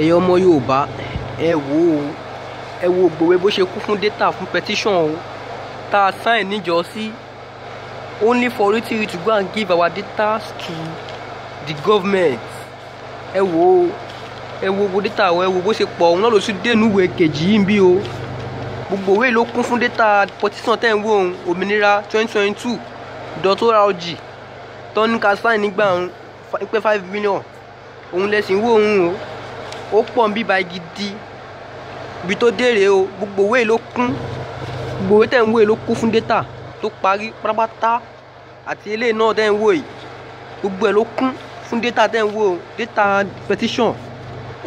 ẹ̀yin ọmọ Yorùbá ẹ wò ó ẹ wo Ìgbòho bó ṣe kú fún data fún petition o tá sign níjọ sí only for Onítìrí to go and give our data to the government ẹ wò ó ẹ wo gbogbo data ẹ wo bó ṣe pọ̀ òun náà ló sì dénú ìwé kejì yìí bí o gbogbo ìwé ló kún fún data petition tẹ́ wo, wò òmìnira twenty twenty two dot org tọ́ni ká sign nígbà pé five million òun lẹ́sìn wo ó o ó pọ̀ ń bíba gidi ibi tó dèrè o gbogbo owó èlò kún gbogbo owó tẹ̀ ń wò èlò kún fún data tó parí pátápátá àti eléyìí náà tẹ̀ ń wò yìí gbogbo ẹ̀ ló kún fún data tẹ̀ ń wò data petition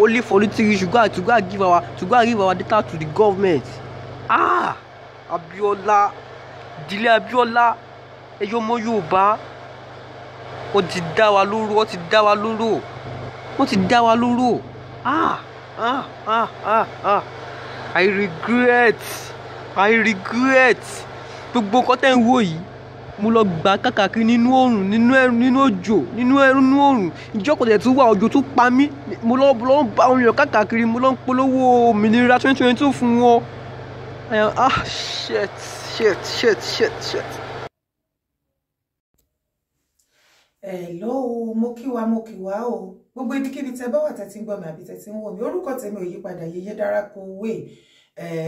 only for literary to go to go give our to go give our data to the government ah Abiola ìdílé Abiola ẹyọ ọmọ Yorùbá ó ti dá wa lóró ó ti dá wa lóró ó ti dá wa lóró ah ah ah ah ah i regret i regret gbogbo nǹkan tẹ́ ń wò yìí mo lọ gbà kàkàkí nínú òrùn nínú ẹrù nínú òjò nínú ẹrù nínú òrùn ìjọkọ̀tẹ̀ tún wà òjò tún pa mí mo lọ lọ bá àwọn èèyàn kàkàkiri mo lọ ń polówó òmìnira twenty twenty two fún wọn ah shit shit shit shit shit. Hello mo kí wa mo kí wa o gbogbo ibikíbi tẹ bá wà tẹ ti ń gbọ́ mi àbí tẹ ti ń wò mí orúkọ tèmi ò yípadà yèyé dára Kowee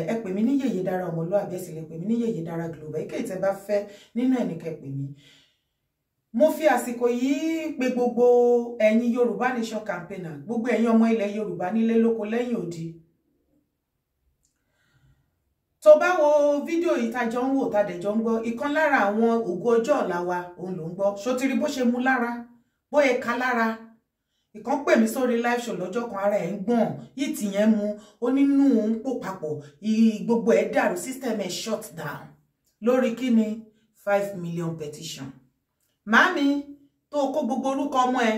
ẹ pè mí ní yèyé dára ọmọlúwàbí ẹ sì lè pè mí ní yèyé dára global èké tẹ bá fẹ́ nínú ẹnìkan pè mí. mo fi àsìkò yìí pe gbogbo ẹ̀yin Yorùbá Nation campaigner gbogbo ẹ̀yin ọmọ ilẹ̀ Yorùbá nílé lóko lẹ́yìn odi tó bá wo fídíò yìí tá jọ ń wò tá dẹ̀ jọ ń gbọ́ ìkan lára àwọn ògo ọjọ́ ọ̀la wa òun ló ń gbọ́ sotiri bó ṣe mú lára bóyá ká lára ìkan pè mí sórí live show lọ́jọ́ kan ara ẹ̀ ń gbọ̀n yìí tì yẹn mu ó nínú ń pò papọ̀ gbogbo ẹ̀ dàrú system ẹ̀ shut down lórí kí ni five million petition màámi tó kó gbogbo orúkọ ọmọ ẹ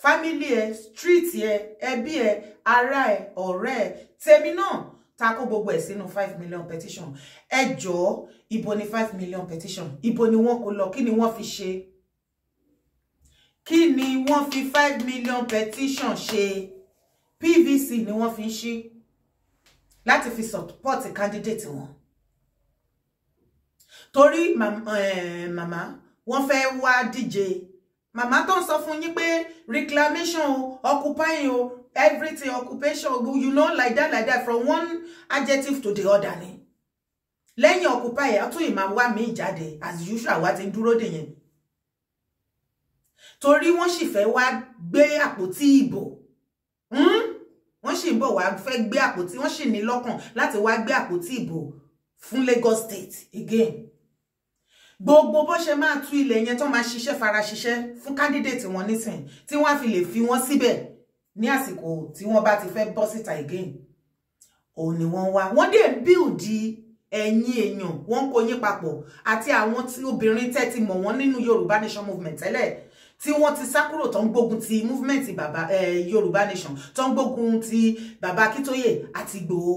fámílì ẹ street ẹ ẹbí ẹ ará ẹ ọ̀rẹ́ ẹ tèmi náà Tako kó gbogbo ẹ̀ sínú five million petition ẹ jọ̀ọ́ ibo ni five million petition ibo ni wọ́n kó lọ kí ni wọ́n fi ṣe kí ni wọ́n fi five million petition ṣe PVC ni wọ́n fi ń ṣí láti fi support candidate wọn torí eh, màmá wọ́n fẹ́ wá díje màmá tó ń sọ fún yín pé reclamation o occupying o everything occupation you know like that like that from one adjective to the other ni You occupy ẹ̀ tún ìmọ̀ wá mí jade as usual wá ti ń dúró dìyẹn torí she sì fẹ́ wá gbé àpótí ìbò hmm? wọ́n sì ń bọ̀ wá fẹ́ gbé àpótí wọ́n sì ní lọ́kàn láti wá gbé àpótí ìbò fún Lagos State again gbogbo bó ṣe máa tú le. yẹn tó máa ṣiṣẹ́ fara ṣiṣẹ́ fún candidate one nísìn tí wọ́n á fi lè fi wọ́n síbẹ̀. Si Ni asiko tí wọ́n bá ti fẹ́ bọ́ síta again òun ni wọ́n wá wọ́n dẹ̀ ń bíùdì ẹ̀yin èèyàn wọ́n ń kó ati papọ̀ àti àwọn tí ti mọ̀ wọ́n nínú Yorùbá Nation movement tele tí wọ́n ti sá kúrò tó ń ti movement bàbá eh, Yorùbá Nation tó ń gbógun ti bàbá Akíntóyè àti Ìgbòho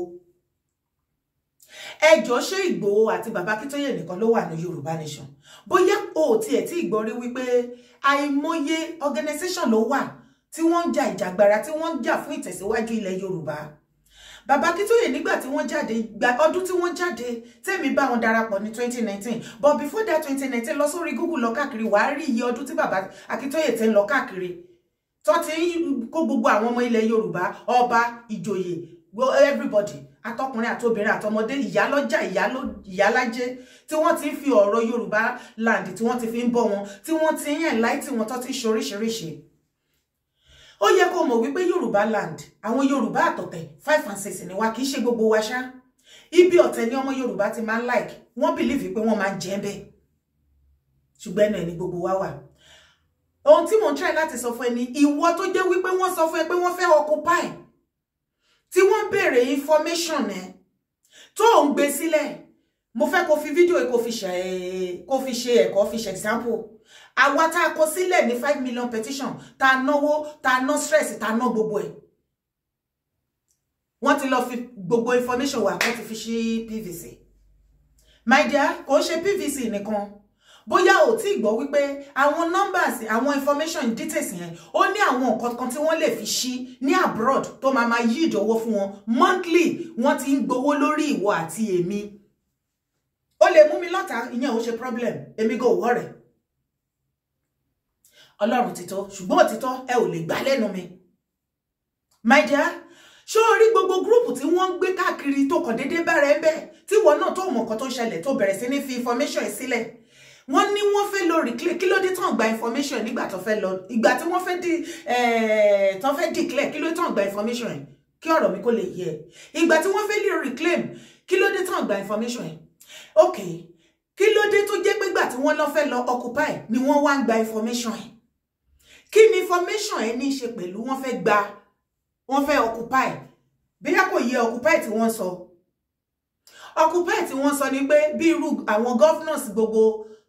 ẹjọ́ ṣé Ìgbòho àti bàbá Akíntóyè nìkan ló wà ní Yorùbá Nation bóyá o ti tiẹ̀ tí ìgbọ́ rí wípé àìmọye organization ló wà tí wọ́n ń ja ìjàgbara tí wọ́n ń jà fún ìtẹ̀síwájú ilẹ̀ Yorùbá bàbá Akíntóyè nígbà tí wọ́n jáde gba ọdún tí wọ́n jáde tèmi bá wọn darapọ̀ ní 2019 but before that 2019 lọ sórí Google lọ káàkiri wàá rí iye ọdún tí bàbá Akíntóyè ti ń lọ káàkiri tó ti ń kó gbogbo àwọn ọmọ ilẹ̀ Yorùbá ọba ìjòyè everybody atọkùnrin àtobìnrin àtọmọdé ìyálọ́jà ìyálájé tí wọ́n ti ń fi ọ̀rọ̀ Yorùbá land tí wọ́n ti fi ń bọ́ wọn tí wọ́n ti ń yàn láì tí wọ́n ti ṣoríṣiríṣi ó yẹ kó mọ̀ wípé yorùbá land àwọn yorùbá àtọ̀tẹ̀ five and six ni wa kì í ṣe gbogbo wa ṣá ibi ọ̀tẹ̀ ni ọmọ yorùbá ti máa ń like wọ́n bìlífì pé wọ́n máa ń jẹ́ bẹ́ẹ̀ ṣùgbọ́n ẹnu ẹ̀ ni gbogbo wa wà ohun tí mò ń try láti sọ fún ẹ ni ìwọ tó jẹ́ wípé wọ́n sọ fún ẹ pé wọ́n fẹ́ occupy tí wọ́n béèrè information ẹ tó ń gbé sílẹ̀ mo fẹ́ kó fi fídíò kó fi ṣe ẹ̀kọ́ fi ṣe example àwa tá a kó sílẹ̀ ní five million petition tá a náwó tá a ná stress tá a ná gbogbo ẹ̀ wọ́n ti lọ fi gbogbo information wà kó ti fi ṣí PVC my dear kò ṣe PVC nìkan bóyá ò tí gbọ́ wípé àwọn numbers àwọn information details yẹn ó ní àwọn nǹkan kan tí wọ́n lè fi ṣí ní abroad tó máa ma yí ìdánwò fún wọn monthly wọ́n ti ń gbowó lórí ìwọ àti èmi ó lè mú mi lọ́tà ìyẹn ò ṣe problem èmi go wọ́ rẹ̀ ọlọ́run títọ́ ṣùgbọ́n òtítọ́ ẹ ò lè gbà lẹ́nu mi my dear ṣó o rí gbogbo gúrúùpù tí wọ́n ń gbé káàkiri tó kàn déédéé bára ẹ bẹ́ẹ̀ tí wọn náà tó mọ̀ nǹkan tó ń ṣẹlẹ̀ tó bẹ̀rẹ̀ sí ní fi information ẹ̀ sílẹ̀ wọ́n ní wọ́n fẹ́ lọ reclare kí ló dé tán gba information nígbà tó fẹ́ lọ ìgbà tí wọ́n fẹ́ di eh, tán fẹ́ declare kí ló dé tán gba information yìí kí ọ̀rọ̀ mi kó lè yé ẹ ìgbà tí wọ́n fẹ́ lè reclaim kí ló dé tán gba information yìí ok kí ló dé tó jẹ́ pé gbà tí wọ́n lọ fẹ́ lọ occupy ni wọ́n wá ń gba information yìí kí ni information ẹ ní ṣe pẹ̀lú wọ́n fẹ́ gba wọ́n fẹ́ occupy bóyá kò yẹ occupy tí wọ́n sọ occupy tí wọ́n sọ ni pé bí irú àwọn governors gbogbo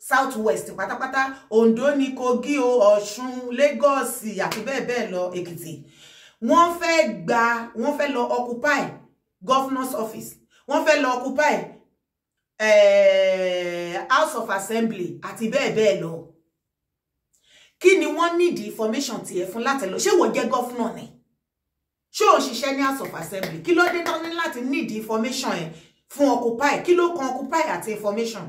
south west pátápátá Ondo ni Kogi o Ọ̀ṣun Lagos àti bẹ́ẹ̀ bẹ́ẹ̀ lọ Èkìtì wọ́n fẹ́ gba wọ́n fẹ́ lọ occupy governors office wọ́n fẹ́ lọ occupy eh, house of assembly àti bẹ́ẹ̀ bẹ́ẹ̀ lọ wọ́n need information tiẹ̀ fún láti lọ ṣé wò jẹ́ gọ́fúnà ni ṣé òṣìṣẹ́ ní house of assembly kí ló dé tán ní láti need information ẹ̀ fún occupy kí ló kan occupy àti information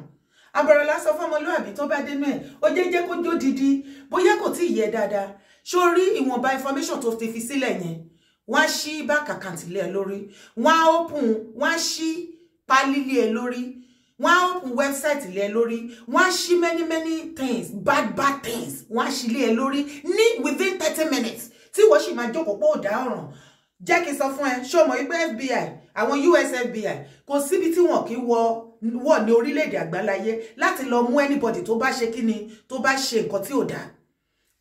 abọ̀rọ̀lá sọ fún ọmọlúwàbí tó bá dénú ẹ̀ ó jẹ́ jẹ́ kó jó didi bóyá kò tí ì yẹ dáadáa ṣó rí ìwọ̀nba information tó ti fi sílẹ̀ yẹn wọ́n á ṣí bank account lé lórí wọ́n á open wọ́n á ṣí pálí lórí wọ́n á open website lé ẹ lórí wọ́n á ṣí many many things bad bad things wọ́n á ṣí lé ẹ lórí ní within thirty minutes tí wọ́n sì máa jókòó pé ò dá ọ̀ràn jẹ́ kí n sọ fún ẹ ṣó mọ̀ wípé FBI àwọn US FBI kò síbi tí wọn kì í wọ wọ̀ ní orílẹ̀-èdè àgbáláyé láti lọ mú anybody tó bá ṣe kí ni tó bá ṣe nǹkan tí ò dáa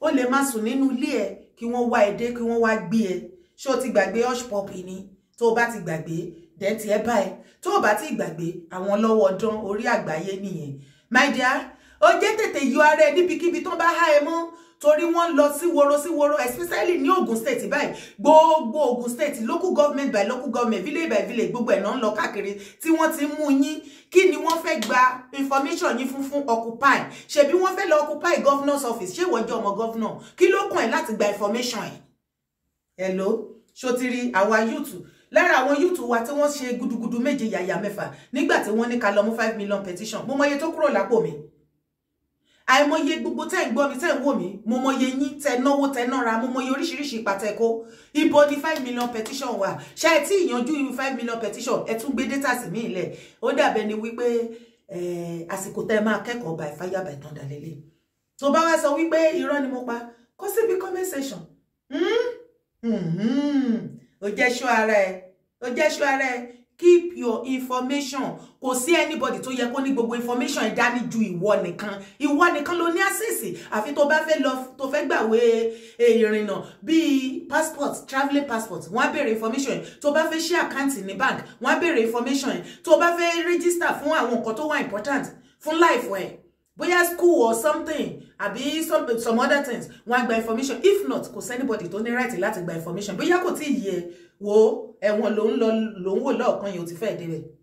ó lè má sùn nínú ilé ẹ kí wọ́n wá ẹ dé kí wọ́n wá gbé ẹ ṣó ti gbàgbé hush pop ni tó o bá ti gbàgbé dẹ́ntì ẹ báyìí tó o bá ti gbàgbé àwọn lọ́wọ́ dán orí àgbáyé nìyẹn my dear ó jẹ́ tètè yọ ara ẹ níbikíbi tó ń bá há ẹ mọ́ torí wọ́n lọ sí woro sí woro especially ní Ogun State báyìí gbogbo Ogun State local government by local government village by village gbogbo ẹ̀ náà ń lọ káàkiri tí wọ́n ti mú yín kí ni wọ́n fẹ́ gba information yín fún fún occupy ṣebí wọ́n fẹ́ lọ occupy governor's office ṣé ìwọ́jọ́ ọmọ governor kí ló kàn ẹ́ láti gba information ẹ̀ hello sotiri àwa yúùtù lára àwọn yúùtù wa tí wọ́n ṣe gudugudu méje yàyà mẹ́fà nígbà tí wọ́n ní ká lọ mú five million petition mo mọye tó kúrò lápò mi àìmọye gbogbo tẹ́ ń gbọ́ mi tẹ́ ń wò mí mo mọye yín tẹ náwó tẹ nára mo mọye oríṣiríṣi ìpàtẹ́kó ibo ni five million petition wà ṣe ẹ tí ìyanjú irú five million petition ẹ tún gbé data sí mi ilẹ̀ ó dàbẹ̀ ni wípé àsìkò tẹ́ máa kẹ́kọ̀ọ́ by fire by thunder lélẹ̀ tó bá wá sọ wípé irọ́ ni mo pa kó síbi comment section ó jẹ́ ṣọ́ ara ẹ̀ ó ara ẹ̀ keep your information kò sí anybody tó yẹ kó ní gbogbo information ẹ̀ dání ju ìwọ nìkan ìwọ nìkan ló ní access àfi tó bá fẹ́ lọ tó fẹ́ gbàwé e, ìrìnnà bíi passport travelling passport wọ́n á béèrè information ẹ̀ tó bá fẹ́ ṣí àkáǹtì ní bank wọ́n á béèrè information ẹ̀ tó bá fẹ́ register fún àwọn nǹkan tó wà important fún life ẹ̀ bóyá school or something I be some, some other things Want á information if not cause anybody don't tó ní right láti gba information But you could see here, wo and ló ń lọ ló ń wò can you ó ti